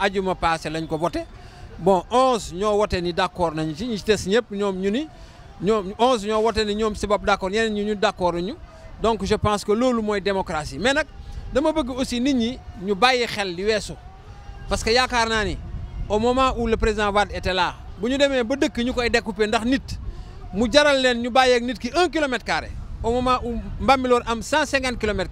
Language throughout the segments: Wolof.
ajuma passé lañ ko voté bon 11 ñoo voté ni d'accord, nañ ci ni donc je pense que c'est la démocratie mais nak dama bëgg aussi nit ñi ñu xel li parce que au moment où le président Wade était là bu ñu ba dëkk ñukoy découper ndax nit mu jaral leen ñu un kilomètre carré au moment où Mbamilor am 150 km kilomètres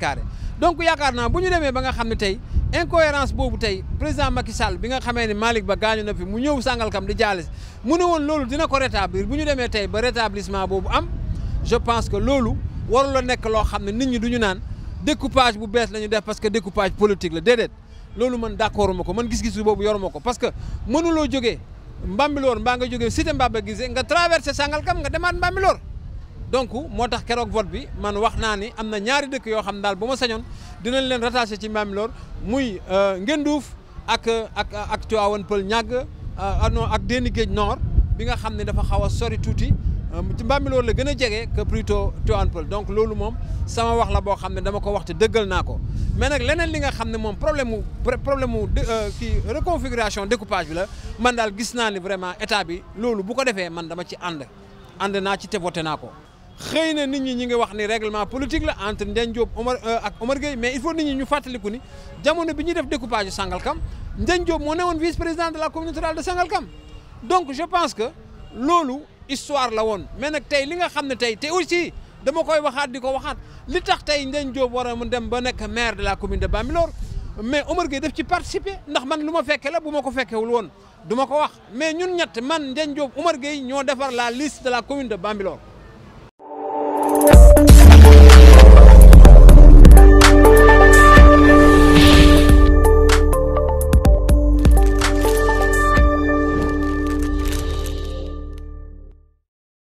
donc yaakaar naa bu ñu demee ba nga xam ne tey incohérence boobu tey président Macky Sall bi nga xamee ne Malick Ba gaañu na fi mu ñëw kam di jaale mu ne woon loolu dina ko rétablir bu ñu demee tey ba rétablissement boobu am je pense que loolu warul a nekk loo xam ne nit ñi du ñu naan découpage bu bees la ñu def parce que découpage politique la déedéet loolu man d'accord ma ko man gis-gisu boobu yoruma ko parce que mënuloo jógee Mbambilor mbaa nga jógee cité Mbaba Guissé nga traversé Sangalkam nga demaat Mbambilor donc moo tax keroog vote bi man wax naa ni am na ñaari dëkk yoo xam daal bu ma sañoon dinañ leen rattaché ci Bambilor muy euh, Ngenduuf duuf ak ak Tivaouane Peulh ñàgg euh, non ak Déni Géej Nord bi nga xam ne dafa xaw a sori tuuti euh, ci Bambilor la gën a jege que plutôt Tivaouane Peulh donc loolu moom sama wax la boo xam ne dama ko wax te dëggal naa ko mais nag leneen li nga xam ne moom problème mu problème mu kii reconfiguration découpage bi la man daal gis naa ni vraiment état bi loolu bu ko defee man dama ci ànd ànd naa ci te naa ko xëy nit ñi ñi ngi wax ni règlement politique la entre Ndiagne Diop Omar euh, ak Omar Gueye mais il faut nit ñi ñu ko ni jamono bi ñuy def découpage Sangalkam Ndiagne Diop mo newoon vice président de la communauté rurale de Sangalkam donc je pense que lolu histoire la won mais nak tay li nga xamne tay tey aussi dama koy waxat diko waxat li tax tay Ndiagne Diop war mu dem ba nek maire de la commune de Bambilor mais Omar Gueye daf ci participer ndax man luma ma fekke la bu ma ko fekkewul woon du ma ko wax mais ñun ñett man Ndiagne Diop Omar Gueye ñoo defar la liste de la commune de Bambilor